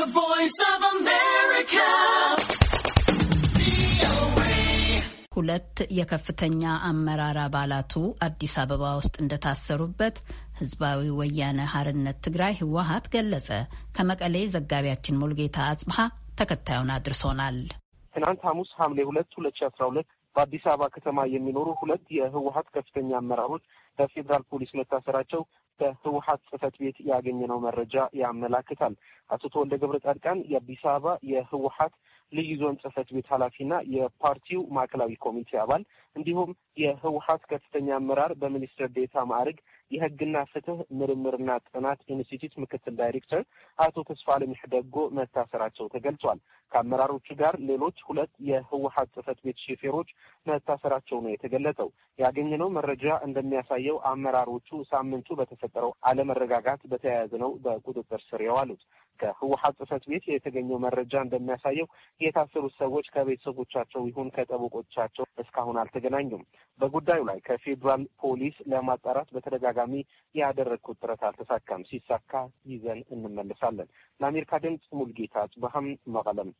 The Voice of America. ሁለት የከፍተኛ አመራር አባላቱ አዲስ አበባ ውስጥ እንደታሰሩበት ህዝባዊ ወያነ ሀርነት ትግራይ ህወሀት ገለጸ። ከመቀሌ ዘጋቢያችን ሙልጌታ አጽብሃ ተከታዩን አድርሶናል። ትናንት ሐሙስ ሐምሌ ሁለት ሁለት ሺ አስራ ሁለት በአዲስ አበባ ከተማ የሚኖሩ ሁለት የህወሀት ከፍተኛ አመራሮች በፌዴራል ፖሊስ መታሰራቸው ከህወሀት ጽህፈት ቤት ያገኘነው መረጃ ያመላክታል። አቶ ተወልደ ገብረ ጻድቃን የአዲስ አበባ የህወሀት ልዩ ዞን ጽህፈት ቤት ኃላፊና የፓርቲው ማዕከላዊ ኮሚቴ አባል እንዲሁም የህወሀት ከፍተኛ አመራር በሚኒስትር ዴታ ማዕርግ የህግና ፍትህ ምርምርና ጥናት ኢንስቲትዩት ምክትል ዳይሬክተር አቶ ተስፋለም ደጎ መታሰራቸው ተገልጿል። ከአመራሮቹ ጋር ሌሎች ሁለት የህወሀት ጽህፈት ቤት ሾፌሮች መታሰራቸው ነው የተገለጸው። ያገኘነው መረጃ እንደሚያሳየው አመራሮቹ ሳምንቱ በተፈጠረው አለመረጋጋት በተያያዘ ነው በቁጥጥር ስር የዋሉት። ከህወሀት ጽህፈት ቤት የተገኘው መረጃ እንደሚያሳየው የታሰሩት ሰዎች ከቤተሰቦቻቸው ይሁን ከጠበቆቻቸው እስካሁን አልተገ አልተገናኙም። በጉዳዩ ላይ ከፌዴራል ፖሊስ ለማጣራት በተደጋጋሚ ያደረግኩት ጥረት አልተሳካም። ሲሳካ ይዘን እንመለሳለን። ለአሜሪካ ድምፅ ሙልጌታ ጽብሃም መቀለም